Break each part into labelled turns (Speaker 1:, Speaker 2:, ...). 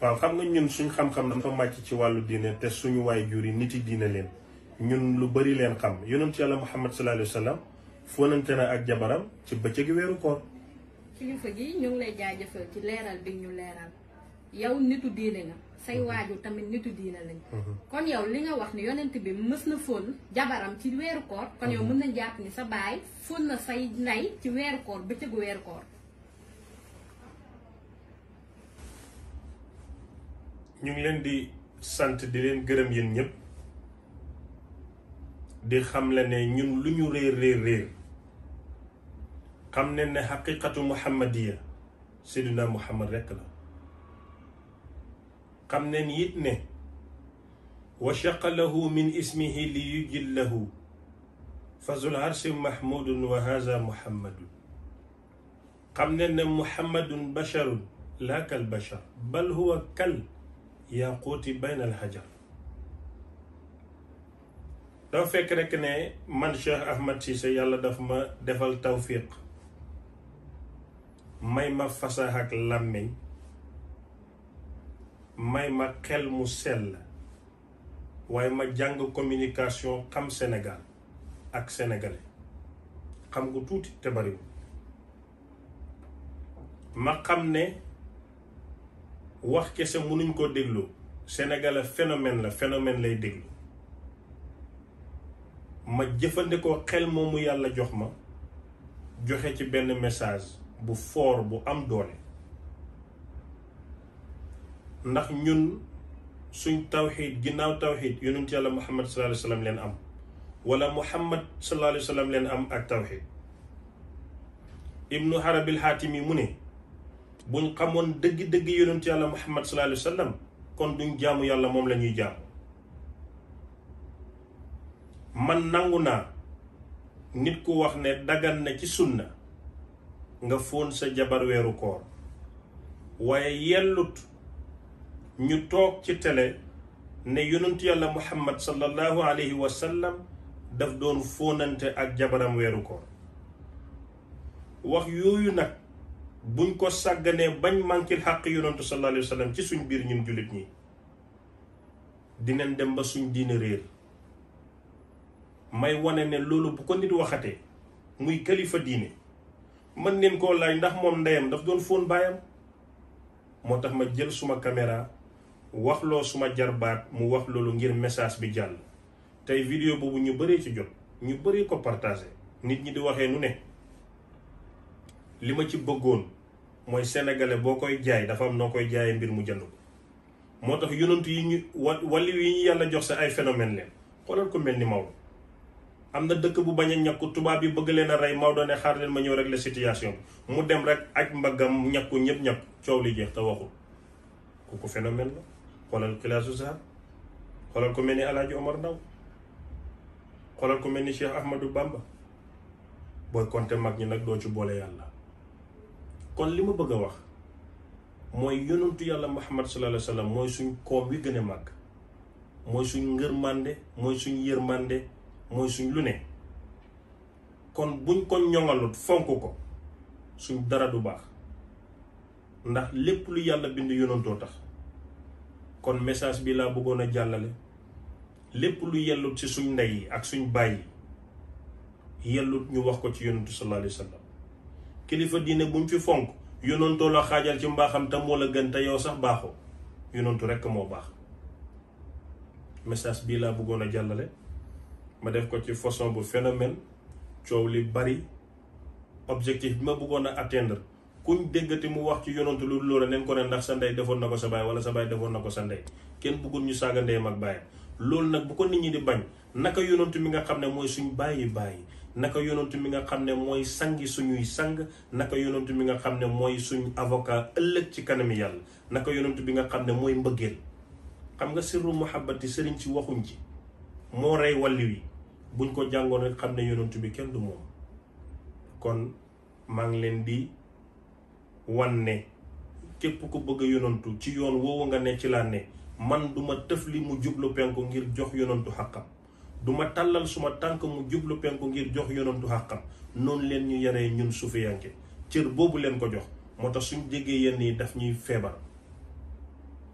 Speaker 1: waaw xam nga ñun suñ xam-xam dafa màcc ci wàllu diine te suñu waay jur yi nit yi diine leen ñun lu bari leen xam yonent yàlla muhammad sallallahu alayhi wa sallam fóonante na ak jabaram ci bëccëgi weeru koor kilifa gi ñu lay jaajëfal ci leeral bi ñu leeral yow nitu diine nga say mhm. waajur tamit nitu diine lañ mhm. kon yow li nga wax ni bi mës na fóon jabaram ci weeru koor kon yow mhm. mën nañ jàpp ni sa baay fóon na say ndey ci weeru koor bëccëgu weeru koor ñu ngi leen di sant di leen gërëm yéen ñëpp di xam la ne ñun lu ñu réer réer réer xam ne ne xaqiqatu muhammadiya seyduna muhammad rekk la xam ne it ne wa shaqa lahu min ismihi li yujillahu fazul arsi mahmudun wa haza muhammadun xam ne ne muhammadun basharun laa kal bashar bal huwa kal yaquuti baynal hajar dafa fekk rek ne man Cheikh Ahmed Cissé yàlla daf ma defal tawfiq may ma fasax ak làmmiñ may ma xel mu sell waaye ma jàng communication xam Sénégal ak sénégalais xam gu tuuti te bariwul ma xam ne wax kese mënuñ koo déglu Sénégal phénomène la phénomène lay déglu ma jëfandikoo xel moomu yàlla jox ma joxe ci benn message bu foor bu am doole ndax ñun suñ tawxiid ginnaaw tawxiid yonent yàlla muhammad sallallahu alayhi wasallam leen am wala muhammad sallallahu alayhi wasallam leen am ak tawxiid ibnu harabil xaatim yi mu ne buñ xamoon dëgg-dëgg yonentu yàlla muhammad sallallahu alayhi wa kon duñ jàmm yàlla moom la ñuy jaamu man nangu naa nit ku wax ne daggal na ci sunna nga fóon sa jabar weeru koor waaye yellut ñu toog ci télé ne yonentu yàlla muhammad sallallahu alayhi wa sallam daf doon fóonante ak jabaram weeru koor wax yooyu nag buñ ko sàgganee bañ mànkil xàq yonantu sallallahu alayhi wa ci suñu biir ñun jullit ñi dinañ dem ba suñ diine réer may wane ne loolu bu ko nit waxatee muy kalifa diine mën neen koo laaj ndax moom ndeyam daf doon fóon baayam moo tax ma jël suma caméra wax loo suma jarbaat mu wax loolu ngir message bi jàll tey vidéo boobu ñu bëree ci jot ñu bëree ko nit ñi di waxee nu ne li ma ci bëggoon mooy sénégalais boo koy jaay dafa am noo koy jaayee mbir mu jënd ko moo tax yonent yi ñu wa wali yi ñu yàlla jox sa ay phénomène leen xoolal ko mel ni Maodo am na dëkk bu bañ a ñàkku tubaab yi bëgg leen a rey Maodo ne ma ñëw rek la situation mu dem rek aj mbaggam ñàkku ñëpp ñàkk coow li jeex te waxul kooku phénomène la xoolal Xilaasu xoolal ko mel ni Alaaji Omar Ndaw xoolal ko mel ni Cheikh Ahmadou Bamba booy compter mag ñi nag doo ci boole yàlla kon li ma bëgg a wax mooy yonentu yàlla muhammad sallallahu alayhi mooy suñ koom wi gën a màgg mooy suñ ngërmande mooy suñ yërmande mooy suñ lu ne kon buñ ko ñoŋalut fonk ko suñ dara du baax ndax lépp lu yàlla bind yonentoo tax kon message bi laa bëggoon a jàllale lépp lu yellut ci suñ ndey yi ak suñ baay yi yellut ñu wax ko ci yonentu sallallahu alayhi kilifa diine buñ fi fonk yonantoo la xaajal ci mbaaxam tam moo la gën te yow sax baaxoo yonantu rek moo baax message bii laa bëggoon a jàllale ma def ko ci façon bu phénomène coow li bari objectif bi ma bëggoon a atteindre kuñ déggati mu wax ci yonantu lu loola neen ko ne ndax sa ndey defoon na ko sa baay wala sa baay defoon na ko sa ndey kenn bëggul ñu saaga ndeyam ak baay loolu nag bu ko nit ñi di bañ naka yonantu mi nga xam ne mooy suñ bàyyi bàyyi naka yonantu mi nga xam ne mooy sangi suñuy sang naka yonantu mi nga xam ne mooy suñu avocat ëllëg ci kanami yàlla naka yonantu bi nga xam ne mooy mbëggeel xam nga sirru muhabbati sëriñ si waxuñ ci moo rey walli wi buñ ko jàngoon rek xam ne yonantu bi kenn du moom kon maa ngi leen di wan ne képp ku bëgg a ci yoon woowu nga ne ci laa ne man duma tëf li mu jublu penku ngir jox yonantu xàqam du ma tàllal suma tànk mu jublu penku ngir jox yonantu xàqam noonu leen ñu yare ñun sufiyanke cër boobu leen ko jox moo tax suñu jéggee yenn yi daf ñuy feebar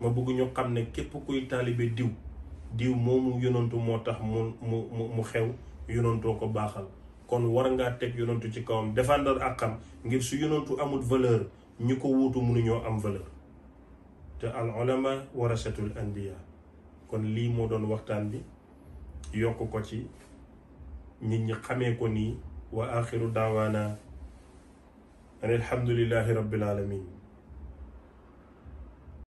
Speaker 1: ma bëgguñu xam ne képp kuy taalibe diw diw moomu yonantu moo tax mu mu mu xew yonantoo ko baaxal kon war ngaa teg yonantu ci kawam défendre àqam ngir su yonantu amul valeur ñu ko wuutu mënuñoo am valeur te al ulama warasatul anbiya kon lii moo doon waxtaan bi yokk ko ci nit ñi xamee ko nii wa axiru daawaana an alhamdulillahi rabbil alamin